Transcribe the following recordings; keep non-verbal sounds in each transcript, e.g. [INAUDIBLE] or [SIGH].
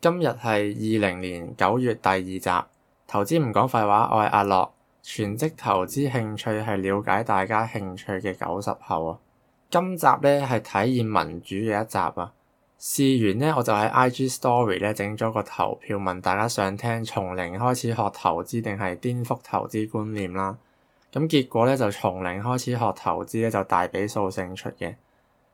今日係二零年九月第二集，投資唔講廢話，我係阿樂，全職投資興趣係了解大家興趣嘅九十後啊。今集咧係體現民主嘅一集啊。試完咧，我就喺 IG Story 咧整咗個投票，問大家想聽從零開始學投資定係顛覆投資觀念啦。咁結果咧就從零開始學投資咧就大比數勝出嘅，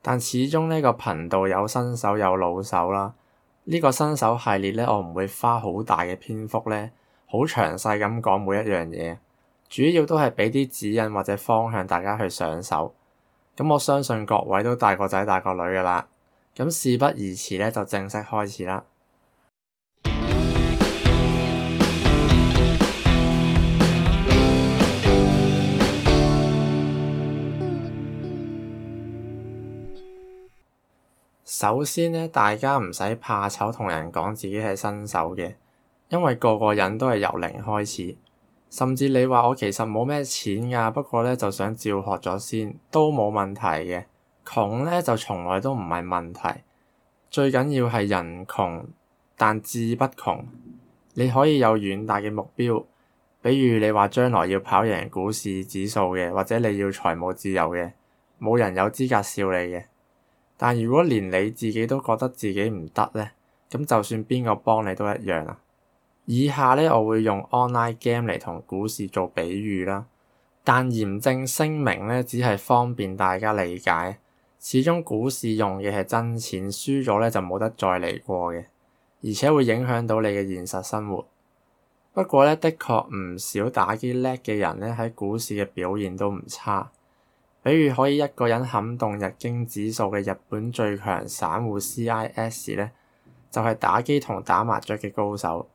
但始終呢個頻道有新手有老手啦。呢個新手系列咧，我唔會花好大嘅篇幅咧，好詳細咁講每一樣嘢，主要都係畀啲指引或者方向大家去上手。咁我相信各位都大個仔大個女㗎喇，咁事不宜遲咧，就正式開始啦。首先呢，大家唔使怕醜，同人講自己係新手嘅，因為個個人都係由零開始。甚至你話我其實冇咩錢㗎，不過呢，就想照學咗先，都冇問題嘅。窮呢，就從來都唔係問題，最緊要係人窮，但志不窮。你可以有遠大嘅目標，比如你話將來要跑贏股市指數嘅，或者你要財務自由嘅，冇人有資格笑你嘅。但如果連你自己都覺得自己唔得咧，咁就算邊個幫你都一樣啦。以下咧我會用 online game 嚟同股市做比喻啦。但嚴正聲明咧，只係方便大家理解。始終股市用嘅係真錢，輸咗咧就冇得再嚟過嘅，而且會影響到你嘅現實生活。不過咧，的確唔少打機叻嘅人咧，喺股市嘅表現都唔差。比如可以一個人撼動日經指數嘅日本最強散戶 CIS 咧，就係、是、打機同打麻雀嘅高手。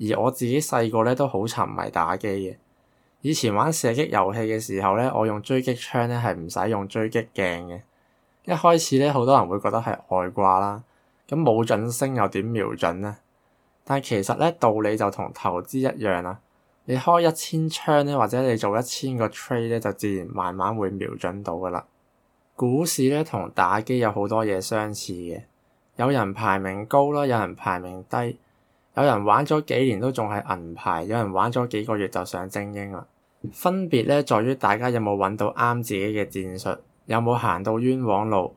而我自己細個咧都好沉迷打機嘅，以前玩射擊遊戲嘅時候咧，我用狙擊槍咧係唔使用狙擊鏡嘅。一開始咧好多人會覺得係外掛啦，咁冇準星又點瞄準咧？但其實咧道理就同投資一樣啦。你開一千槍咧，或者你做一千個 trade 咧，就自然慢慢會瞄準到㗎喇。股市咧同打機有好多嘢相似嘅，有人排名高啦，有人排名低，有人玩咗幾年都仲係銀牌，有人玩咗幾個月就上精英啦。分別咧在於大家有冇揾到啱自己嘅戰術，有冇行到冤枉路。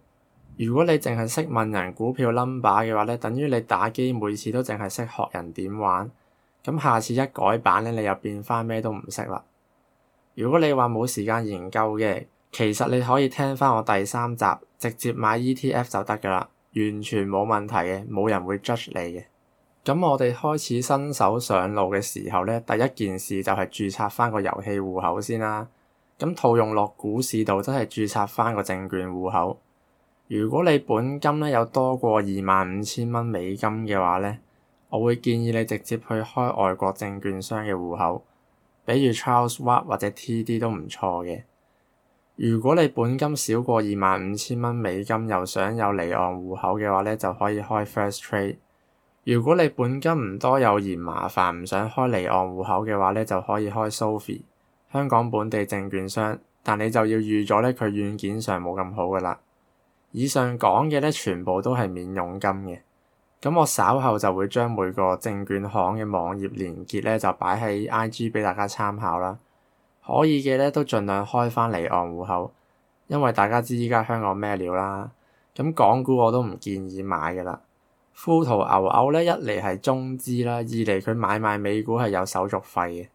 如果你淨係識問人股票 number 嘅話咧，等於你打機每次都淨係識學人點玩。咁下次一改版咧，你又變翻咩都唔識啦。如果你話冇時間研究嘅，其實你可以聽翻我第三集，直接買 ETF 就得㗎喇，完全冇問題嘅，冇人會 judge 你嘅。咁我哋開始新手上路嘅時候咧，第一件事就係註冊翻個遊戲戶口先啦。咁套用落股市度，真係註冊翻個證券戶口。如果你本金咧有多過二萬五千蚊美金嘅話咧，我會建議你直接去開外國證券商嘅戶口，比如 Charles Schwab 或者 TD 都唔錯嘅。如果你本金少過二萬五千蚊美金，又想有離岸戶口嘅話咧，就可以開 First Trade。如果你本金唔多又嫌麻煩，唔想開離岸戶口嘅話咧，就可以開 SoFi 香港本地證券商，但你就要預咗咧佢軟件上冇咁好噶啦。以上講嘅咧，全部都係免佣金嘅。咁我稍後就會將每個證券行嘅網頁連結咧，就擺喺 IG 俾大家參考啦。可以嘅咧，都盡量開翻離岸戶口，因為大家知依家香港咩料啦。咁港股我都唔建議買噶啦。富途牛牛咧，一嚟係中資啦，二嚟佢買賣美股係有手續費嘅。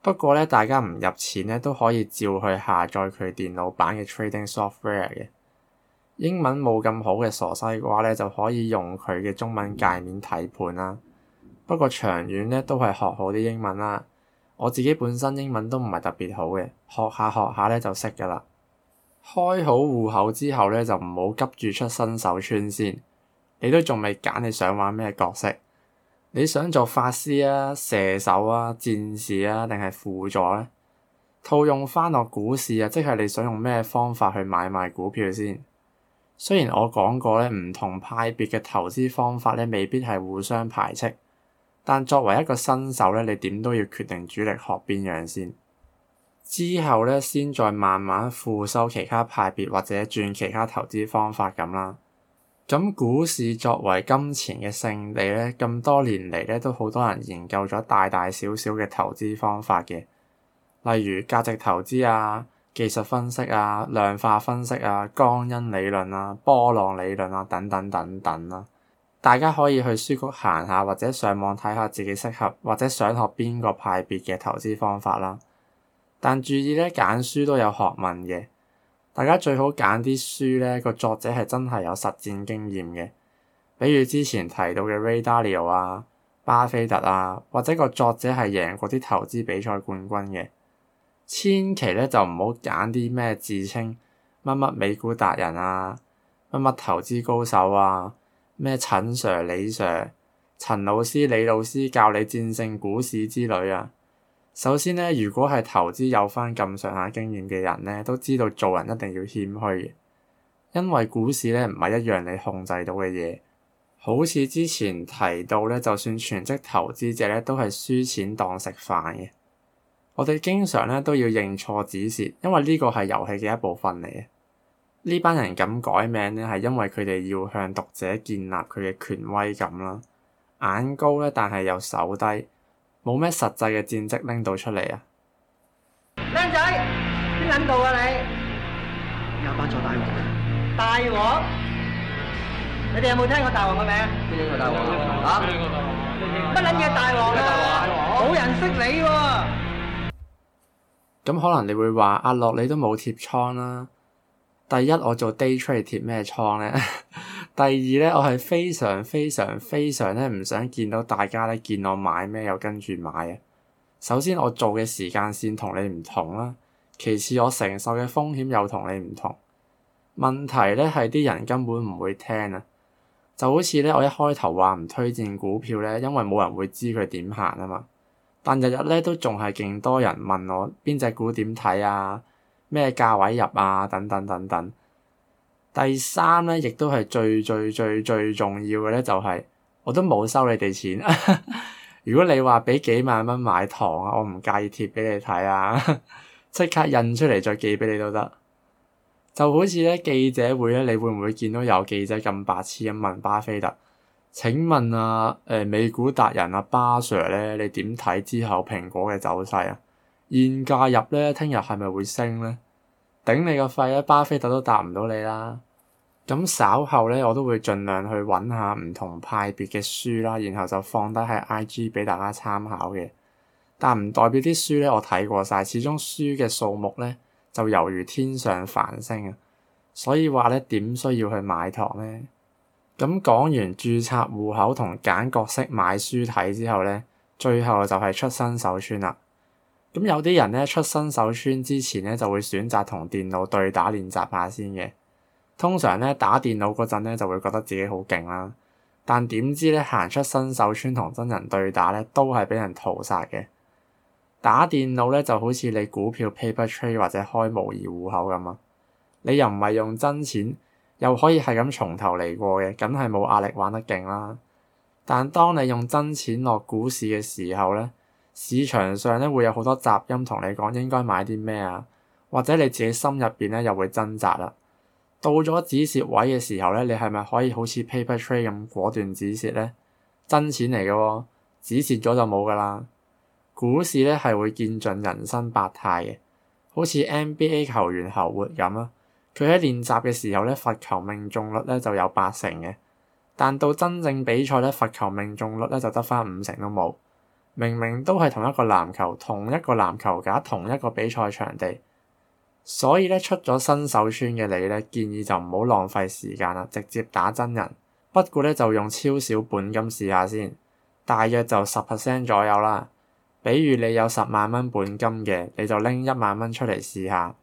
不過咧，大家唔入錢咧，都可以照去下載佢電腦版嘅 Trading Software 嘅。英文冇咁好嘅傻西嘅話咧，就可以用佢嘅中文界面睇盤啦。不過長遠咧都係學好啲英文啦。我自己本身英文都唔係特別好嘅，學下學下咧就識㗎啦。開好戶口之後咧，就唔好急住出新手村先。你都仲未揀你想玩咩角色？你想做法師啊、射手啊、戰士啊，定係輔助咧？套用翻落股市啊，即係你想用咩方法去買賣股票先？雖然我講過咧，唔同派別嘅投資方法咧，未必係互相排斥，但作為一個新手咧，你點都要決定主力學邊樣先，之後咧先再慢慢輔修其他派別或者轉其他投資方法咁啦。咁股市作為金錢嘅勝地咧，咁多年嚟咧都好多人研究咗大大小小嘅投資方法嘅，例如價值投資啊。技術分析啊、量化分析啊、江恩理論啊、波浪理論啊等等等等啦，啊，大家可以去書局行下或者上網睇下自己適合或者想學邊個派別嘅投資方法啦。但注意咧，揀書都有學問嘅，大家最好揀啲書咧個作者係真係有實戰經驗嘅，比如之前提到嘅 Ray Dalio 啊、巴菲特啊，或者個作者係贏過啲投資比賽冠軍嘅。千祈咧就唔好揀啲咩自稱乜乜美股達人啊，乜乜投資高手啊，咩陳 Sir 李 Sir、陳老師李老師教你戰勝股市之類啊。首先咧，如果係投資有翻咁上下經驗嘅人咧，都知道做人一定要謙虛嘅，因為股市咧唔係一樣你控制到嘅嘢。好似之前提到咧，就算全職投資者咧，都係輸錢當食飯嘅。我哋經常咧都要認錯指示，因為呢個係遊戲嘅一部分嚟嘅。呢班人噉改名咧，係因為佢哋要向讀者建立佢嘅權威感啦。眼高咧，但係又手低，冇咩實際嘅戰績拎到出嚟啊！靚仔，邊撚到啊你？亞伯仲大王？大王，你哋有冇聽過大王嘅名？邊個大王啊？乜撚嘢大王大王？冇人識你喎！咁可能你會話阿樂，你都冇貼倉啦。第一，我做 day trade 貼咩倉咧？ [LAUGHS] 第二咧，我係非常非常非常咧唔想見到大家咧見我買咩又跟住買啊。首先我做嘅時間線同你唔同啦，其次我承受嘅風險又同你唔同。問題咧係啲人根本唔會聽啊，就好似咧我一開頭話唔推薦股票咧，因為冇人會知佢點行啊嘛。但日日咧都仲係勁多人問我邊隻股點睇啊，咩價位入啊，等等等等。第三咧，亦都係最最最最重要嘅咧、就是，就係我都冇收你哋錢。 [LAUGHS] 如果你話畀幾萬蚊買糖啊，我唔介意貼俾你睇啊，即刻印出嚟再寄俾你都得。就好似咧記者會咧，你會唔會見到有記者咁白痴咁問巴菲特？請問阿、啊、誒、呃、美股達人阿、啊、巴 Sir 咧，你點睇之後蘋果嘅走勢啊？現價入咧，聽日係咪會升咧？頂你個肺啊！巴菲特都答唔到你啦。咁稍後咧，我都會盡量去揾下唔同派別嘅書啦，然後就放低喺 IG 俾大家參考嘅。但唔代表啲書咧，我睇過晒，始終書嘅數目咧就猶如天上繁星啊。所以話咧，點需要去買堂咧？咁講完註冊戶口同揀角色買書睇之後咧，最後就係出新手村啦。咁有啲人咧，出新手村之前咧，就會選擇同電腦對打練習下先嘅。通常咧，打電腦嗰陣咧，就會覺得自己好勁啦，但點知咧，行出新手村同真人對打咧，都係俾人屠殺嘅。打電腦咧，就好似你股票 paper trade 或者開模擬戶口咁啊，你又唔係用真錢。又可以係咁從頭嚟過嘅，梗係冇壓力玩得勁啦。但當你用真錢落股市嘅時候咧，市場上咧會有好多雜音同你講應該買啲咩啊，或者你自己心入邊咧又會掙扎啦。到咗止蝕位嘅時候咧，你係咪可以好似 paper trade 咁果斷止蝕咧？真錢嚟嘅喎，止蝕咗就冇噶啦。股市咧係會見盡人生百態嘅，好似 NBA 球員侯活咁啊～佢喺練習嘅時候咧，罰球命中率咧就有八成嘅，但到真正比賽咧，罰球命中率咧就得返五成都冇。明明都係同一個籃球、同一個籃球架、同一個比賽場地，所以咧出咗新手村嘅你咧，建議就唔好浪費時間啦，直接打真人。不過咧就用超少本金試下先，大約就十 percent 左右啦。比如你有十萬蚊本金嘅，你就拎一萬蚊出嚟試下。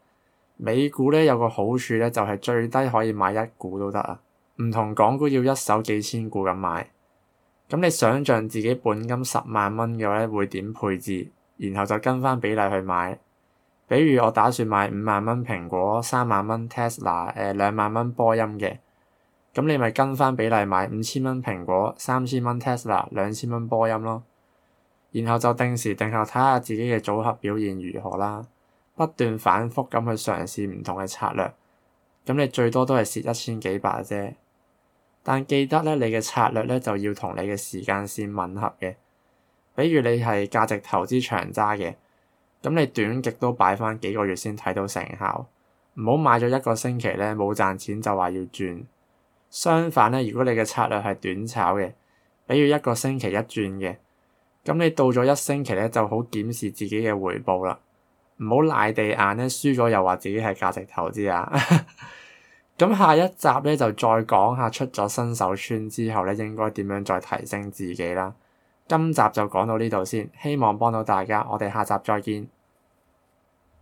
美股咧有個好處咧，就係最低可以買一股都得啊，唔同港股要一手幾千股咁買。咁你想象自己本金十萬蚊嘅話咧，會點配置？然後就跟翻比例去買。比如我打算買五萬蚊蘋果、三萬蚊 Tesla、誒兩萬蚊波音嘅，咁你咪跟翻比例買五千蚊蘋果、三千蚊 Tesla、兩千蚊波音咯。然後就定時定候睇下自己嘅組合表現如何啦。不斷反覆咁去嘗試唔同嘅策略，咁你最多都係蝕一千幾百啫。但記得咧，你嘅策略咧，就要同你嘅時間線吻合嘅。比如你係價值投資長揸嘅，咁你短極都擺翻幾個月先睇到成效。唔好買咗一個星期咧，冇賺錢就話要轉。相反咧，如果你嘅策略係短炒嘅，比如一個星期一轉嘅，咁你到咗一星期咧，就好檢視自己嘅回報啦。唔好賴地硬咧，輸咗又話自己係價值投資啊！咁 [LAUGHS] 下一集咧，就再講下出咗新手村之後咧，應該點樣再提升自己啦。今集就講到呢度先，希望幫到大家。我哋下集再見。